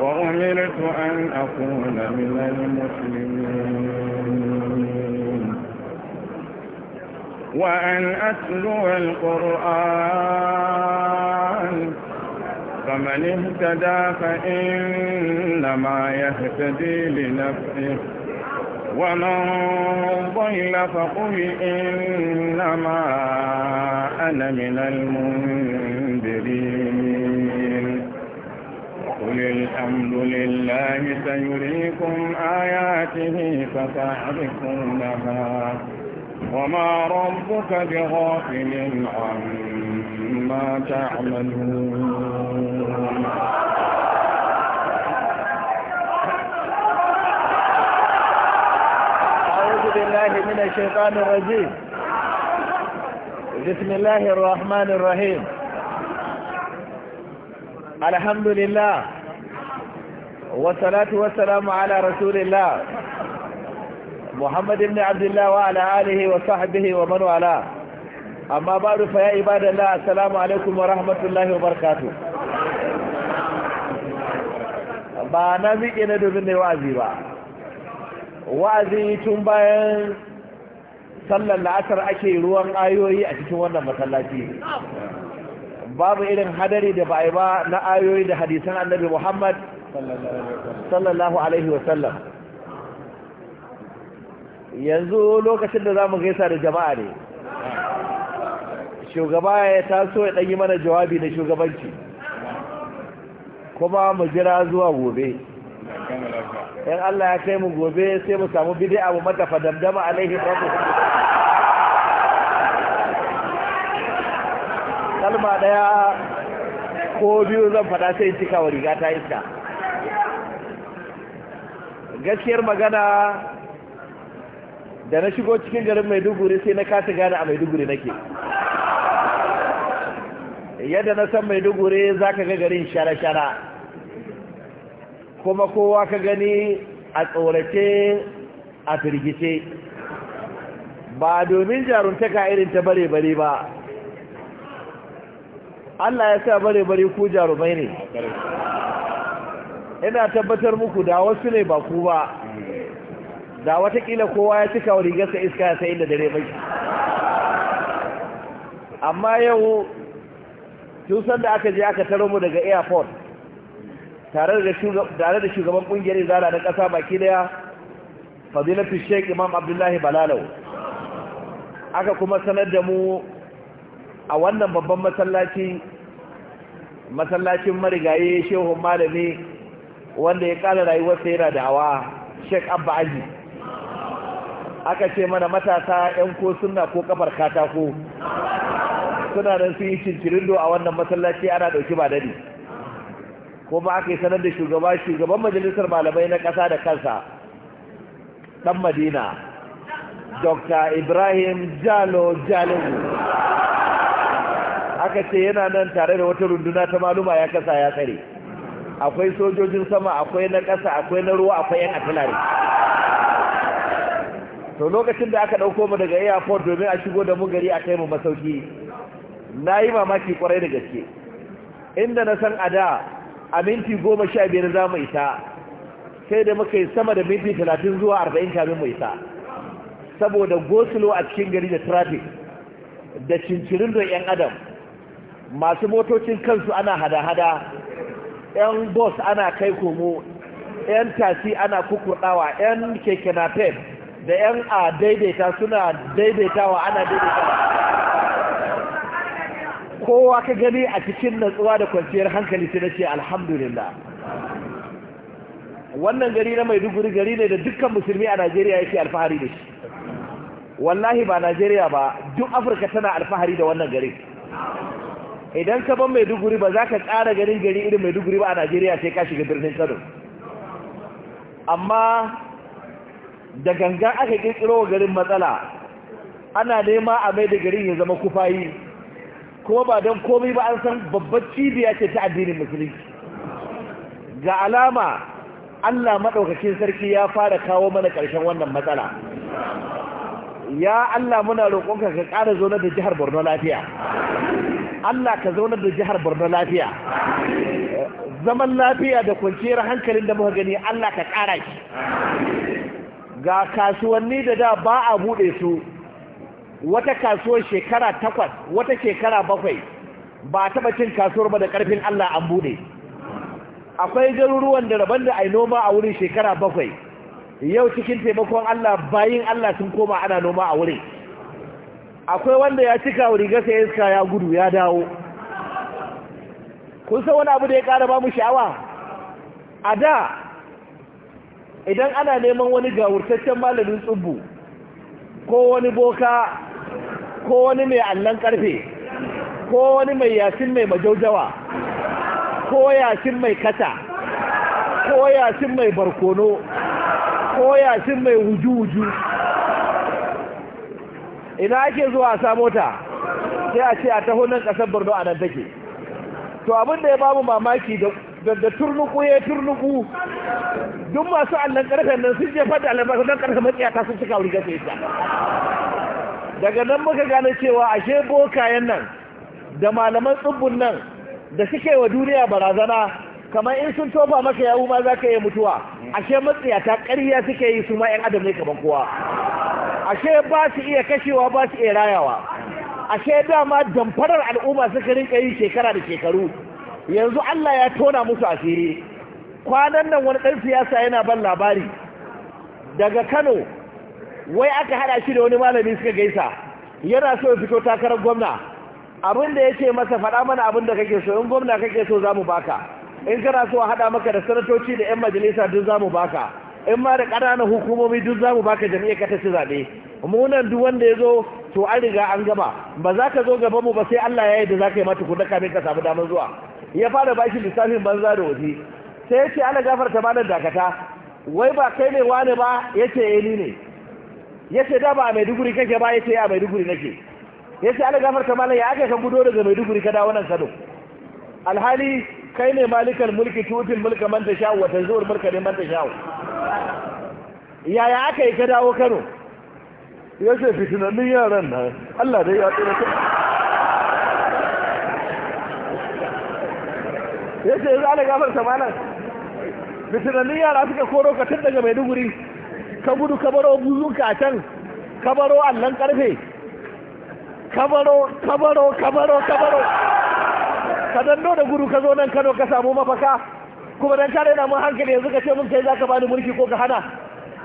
وأمرت أن أكون من المسلمين وأن أتلو القرآن فمن اهتدى فإنما يهتدي لنفسه ومن ضل فقل إنما أنا من المنذرين قل الحمد لله سيريكم آياته فتعرفونها وما ربك بغافل عما تعملون أعوذ بالله من الشيطان الرجيم بسم الله الرحمن الرحيم الحمد لله والصلاة والسلام على رسول الله محمد بن عبد الله وعلى آله وصحبه ومن والاه أما بعد فيا عباد الله السلام عليكم ورحمة الله وبركاته ba na miƙe na domin ne wa'azi ba wa'azi tun bayan sallar la'asar ake ruwan ayoyi a cikin wannan masallaci babu irin hadari da ba'i ba na ayoyi da hadisan annabi muhammad sallallahu alaihi wasallam yanzu lokacin da za mu gaisa da jama'a ne shugaba ya taso ya yi mana jawabi na shugabanci kuma mu jira zuwa gobe in Allah ya kai mu gobe sai mu samu bid'a mu mata fadamdama alaihi rabbu kalma daya ko biyu zan fada sai cika wa riga ta iska gaskiyar magana da na shigo cikin garin maiduguri sai na kasa gane a maiduguri nake yadda na san maiduguri za ka ga garin shara-shara kuma kowa ka gani a tsorace a firgice ba domin jaruntaka irin ta bare-bare ba Allah ya sa bare-bare ku jarumai ne ina tabbatar muku da wasu ne ba ku ba da watakila kowa ya cika wa rigarsa iska ya sai inda dare mai amma yau tun sanda aka je aka taro mu daga airport tare da shugaban kungiyar izala na kasa baki daya fadilatu sheik imam abdullahi balalau aka kuma sanar da mu a wannan babban masallaci masallacin marigaye shehun malami wanda ya kara rayuwarsa yana da'awa Sheikh Abba Aji aka ce mana matasa yan ko sunna ko kafar katako suna nan sun yi cincirindo a wannan masallaci ana ɗauki ba dadi ko ba aka yi sanar da shugaba shugaban majalisar malamai na kasa da kansa dan madina dr ibrahim jalo jalo aka ce yana nan tare da wata runduna ta maluma ya kasa ya tsare akwai sojojin sama akwai na ƙasa akwai na ruwa akwai yan atalari. to lokacin da aka ɗauko mu daga airport domin a shigo da mu gari a kai mu masauki na yi mamaki kwarai da gaske inda na san a da a minti goma sha biyar za mu isa sai da muka yi sama da minti talatin zuwa arba'in kamin mu isa saboda gosulo a cikin gari da traffic da cincirin don 'yan adam masu motocin kansu ana hada-hada 'yan bus ana kai komo 'yan tasi ana kukurdawa 'yan keke napep da 'yan a daidaita suna daidaitawa ana daidaitawa kowa ka gani a cikin natsuwa da kwanciyar hankali sai ce alhamdulillah wannan gari na mai duguri gari ne da dukkan musulmi a najeriya yake alfahari da shi wallahi ba najeriya ba duk afirka tana alfahari da wannan gari idan ka ban maiduguri ba za ka ƙara ganin gari irin maiduguri ba a najeriya sai ka shiga birnin kano amma da gangan aka kirkiro garin matsala ana nema a mai da garin ya zama kufayi kuma ba don komai ba an san babbar cibiya ce ta addinin musulunci ga alama allah maɗaukakin sarki ya fara kawo mana ƙarshen wannan matsala ya allah muna roƙonka ka ƙara zo na da jihar borno lafiya Allah ka zaunar da jihar Borno lafiya zaman lafiya da kwanciyar hankalin da muka gani Allah ka ƙara shi ga kasuwanni da da ba a buɗe su wata kasuwar shekara takwas wata shekara bakwai ba taɓa cin kasuwar ba da ƙarfin Allah an buɗe akwai garuruwan da rabar da ai noma a wurin shekara bakwai yau cikin taimakon Allah bayin Allah sun koma ana noma a wurin akwai wanda ya cika wa riga ya iska ya gudu ya dawo kun san wani abu da ya kara ba mu sha'awa a da idan ana neman wani gawurtaccen malamin tsubbu ko wani boka ko wani mai allon karfe ko wani mai yashin mai majaujawa ko yashin mai kata ko yasin mai barkono ko yasin mai wuju-wuju ina ake zuwa a samo ta sai a ce a taho nan kasar borno a nan take to abin da ya babu mamaki da turnuku ya turnuku duk masu allon ƙarfen nan sun je fada albarka don ƙarfen matsiyata sun cika wuri gasa ita daga nan muka gane cewa ashe bokayen nan da malaman tsubbun nan da suke wa duniya barazana kamar in sun tofa maka yawu ma za ka iya mutuwa ashe matsiyata ƙarya suke yi su ma 'yan adam ne kamar kowa ashe ba su iya kashewa ba su iya rayawa ashe dama damfarar al'umma suka rinka yi shekara da shekaru yanzu Allah ya tona musu asiri kwanan nan wani ɗan siyasa yana ban labari daga Kano wai aka hada shi da wani malami suka gaisa yana so ya fito takarar gwamna abin da yake masa faɗa mana abin da kake so in gwamna kake so zamu baka in kana so a hada maka da sanatoci da 'yan majalisa duk zamu baka in ma da ƙananan hukumomi duk za mu ka jami'a ka ta ci zaɓe munan duk wanda ya zo to an riga an gama ba za ka zo gaban mu ba sai Allah ya yi da za ka yi mata kuɗa kamin ka samu damar zuwa ya fara shi lissafin banza da waje sai ya ce ana gafarta ma nan dakata wai ba kai ne wani ba ya ce ya eh, ni ne ya ce da ba a maiduguri kake ba ya ce a maiduguri nake ya ce ana gafarta ma nan ya aka kan gudo daga maiduguri ka dawo nan kano alhali kai ne malikan mulki tutul mulka man tasha'u wa tanzu'ul mulka manta tasha'u yaya aka yi ka dawo kano ya ce fitinannin yaran nan allah dai ya tsira ta ya ce za a gafar samanan fitinannin yara suka koro ka tun daga maiduguri ka gudu ka baro buzun a can ka baro allon karfe ka baro ka baro ka baro ka baro ka dando da gudu ka zo nan kano ka samu mafaka kuma dan kare na mun hankali yanzu ka ce mun kai za ka bani mulki ko ka hana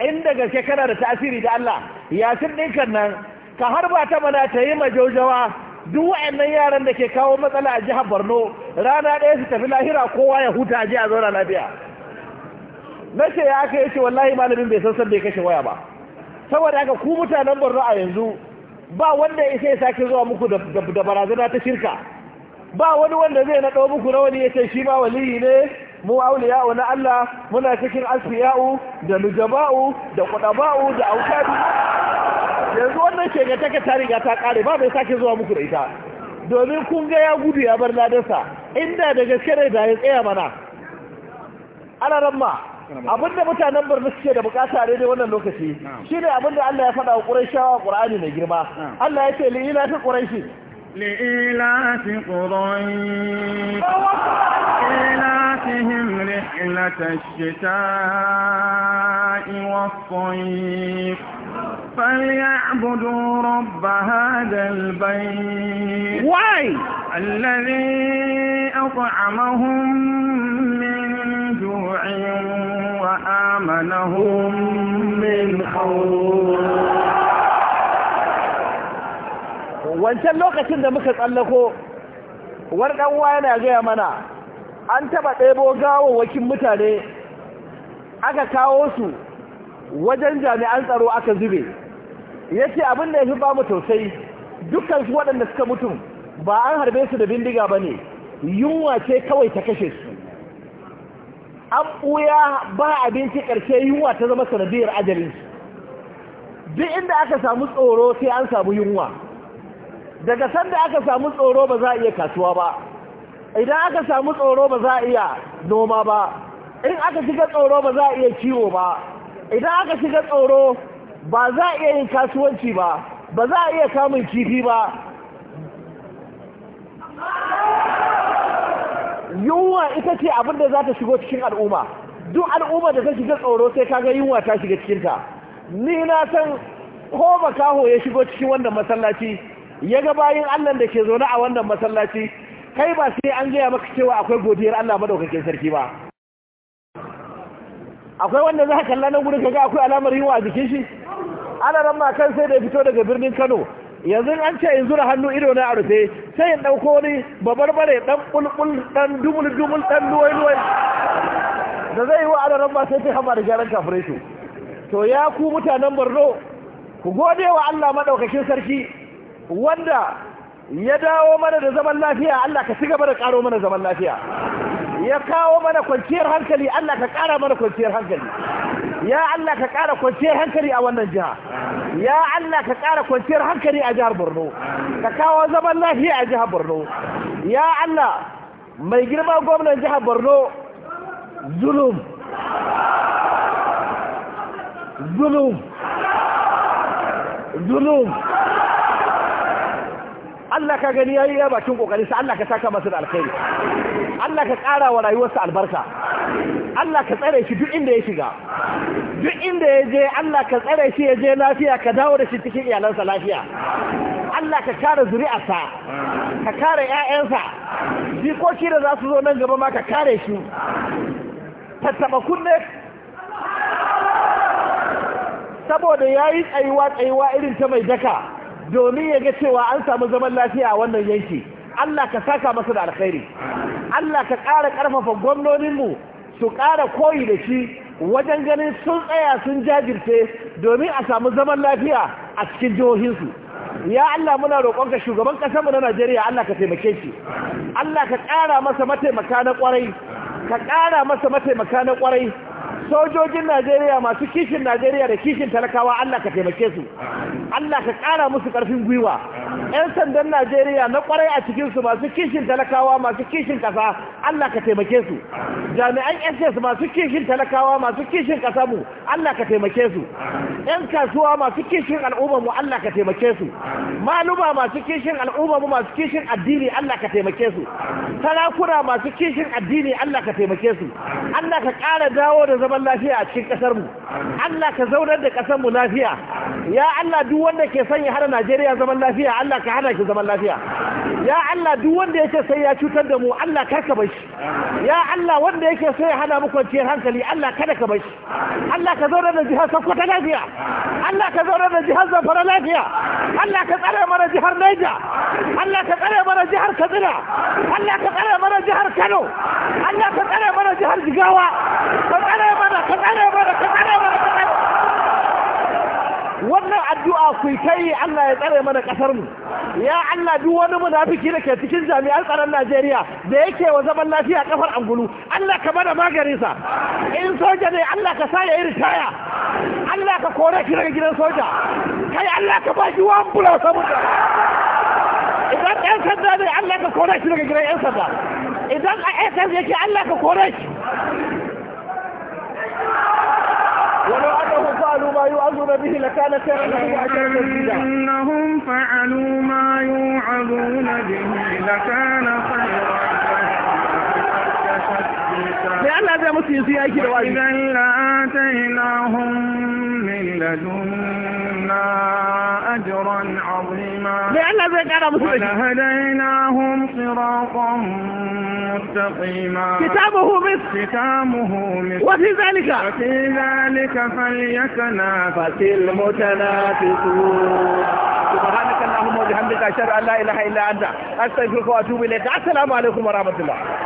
inda gaske kana da tasiri da Allah ya yasin ɗinkan nan ka harba ta mana ta yi majaujawa duk wa'annan yaran da ke kawo matsala a jihar Borno rana ɗaya su tafi lahira kowa ya huta a a zauna lafiya na ce ya aka yace wallahi malamin bai san sanda ya kashe waya ba saboda haka ku mutanen Borno a yanzu ba wanda ya sai sake zuwa muku da barazana ta shirka ba wani wanda zai naɗo muku rawani ya ce shi ma waliyi ne mu auliya'u na Allah muna cikin asfiya'u da nujaba'u da kudaba'u da autadu yanzu wannan shege take ta riga ta kare ba bai sake zuwa muku da ita domin kun ga ya gudu ya bar ladarsa inda da gaske ne da ya tsaya mana ana ramma abinda mutanen birni suke da bukata a daidai wannan lokaci Shi ne abinda Allah ya faɗa wa Qurayshawa Qur'ani mai girma Allah ya ce li ila ta Qurayshi li ila ta عليهم رحلة الشتاء والصيف فليعبدوا رب هذا البيت واي الذي أطعمهم من جوع وآمنهم من خوف wancan lokacin da muka tsallako wani ɗan yana gaya mana an taɓa ɗebo wakin mutane aka kawo su wajen jami'an tsaro aka zube ya ce abin da ya fi ba tausayi dukkan su waɗanda suka mutum ba an harbe su da bindiga ba ne yunwa ce kawai ta kashe su an ɓuya ba abinci ƙarshe yunwa ta zama sanadiyar ajalinsu duk inda aka samu tsoro sai an samu yunwa daga sanda aka samu tsoro ba za a iya kasuwa ba idan aka samu tsoro ba za a iya noma ba in aka shiga tsoro ba za a iya kiwo ba idan aka shiga tsoro ba za a iya yin kasuwanci ba ba za a iya kamun kifi ba yunwa ita ce abinda za ta shigo cikin al'umma duk al'umma da ta shiga tsoro sai kaga yunwa ta shiga cikinta ni na san ko makaho ya shigo cikin wannan masallaci ya ga bayin allah da ke zaune a wannan masallaci kai ba sai an gaya maka cewa akwai godiyar Allah madaukakin sarki ba akwai wanda za ka kalla nan gudun kaga akwai alamar yiwa a jikin shi ana nan ma kan sai da fito daga birnin Kano yanzu an ce yanzu da hannu ido na a rufe sai in dauko wani babar bare dan bulbul dan dumul dumul dan luwai luwai da zai yi wa ana nan ma sai ta hama da gyaran kafirai to to ya ku mutanen Borno ku gode wa Allah madaukakin sarki wanda ya dawo mana da zaman lafiya Allah ka ci gaba da karo mana zaman lafiya ya kawo mana kwanciyar hankali Allah ka kara mana kwanciyar hankali ya Allah ka kara kwanciyar hankali a wannan jiha ya Allah ka kara kwanciyar hankali a jihar Borno ka kawo zaman lafiya a jihar Borno ya Allah mai girma gwamnan jihar Borno zulum zulum zulum Allah ka gani yayi ya bakin kokarin sa Allah ka saka masa da alkhairi Allah ka ƙara wa rayuwarsa albarka Allah ka tsare shi duk inda ya shiga duk inda ya je Allah ka tsare shi ya je lafiya ka dawo da shi cikin iyalansa lafiya Allah ka kare zuri'arsa ka kare ƴaƴansa jikoki da za su zo nan gaba ma ka kare shi tattaba kunne saboda yayi tsayuwa tsayuwa irin ta mai daka domin ya ga cewa an samu zaman lafiya a wannan yanki Allah ka saka masa da alkhairi Allah ka ƙara ƙarfafa gwamnoninmu su ƙara koyi da shi wajen ganin sun tsaya sun jajirce domin a samu zaman lafiya a cikin jihohinsu ya Allah muna roƙonka shugaban mu na Najeriya Allah ka taimake shi Allah ka ƙara masa mataimaka na ƙwarai ka ƙara masa mataimaka na ƙwarai sojojin Najeriya masu kishin Najeriya da kishin talakawa Allah ka taimake su Allah ka ƙara musu ƙarfin gwiwa 'yan sandan najeriya na kwarai a cikinsu masu kishin talakawa masu kishin ƙasa allah ka taimake su jami'an ss masu kishin talakawa masu kishin ƙasa mu allah ka taimake su 'yan kasuwa masu kishin al'umma mu allah ka taimake su maluma masu kishin al'umma mu masu kishin addini allah ka taimake su sarakuna masu kishin addini allah ka taimake su allah ka ƙara dawo da zaman lafiya a cikin ƙasar mu allah ka zaunar da ƙasar mu lafiya ya allah duk wanda ke sanya hana najeriya zaman lafiya Allah ka hana shi zaman lafiya ya Allah duk wanda yake sai ya cutar da mu Allah kar ka bashi ya Allah wanda yake sai ya hana mu kwanciyar hankali Allah kada ka bashi Allah ka zauna da jihar Sokoto lafiya Allah ka zauna da jihar Zamfara lafiya Allah ka tsare mana jihar Niger Allah ka tsare mana jihar Katsina Allah ka tsare mana jihar Kano Allah ka tsare mana jihar Jigawa ka tsare mana ka tsare addu'a ku kai Allah ya tsare mana kasar mu ya Allah duk wani munafiki da ke cikin jami'an tsaron Najeriya da yake wa zaman lafiya kafar angulu Allah ka bada magarin sa in soja ne Allah ka sa ya yi ritaya Allah ka kore shi daga gidan soja kai Allah ka ba shi wan bula saboda idan ɗan sanda ne Allah ka kore shi daga gidan ɗan sanda idan a SS yake Allah ka kore shi فعلوا ما يوعظون به لكان خيرا لهم أجرا مزيدا إنهم فعلوا ما يوعظون به لكان خيرا لأن هذا مسلم في أي كده إذا لآتيناهم من لدنا أجرا عظيما لأن هذا قال مسلم ولهديناهم صراطا مستقيما كتابه مصر كتابه مصر وفي ذلك وفي ذلك فليتنافس المتنافسون سبحانك اللهم وبحمدك اشهد ان لا اله الا انت استغفرك واتوب اليك السلام عليكم ورحمه الله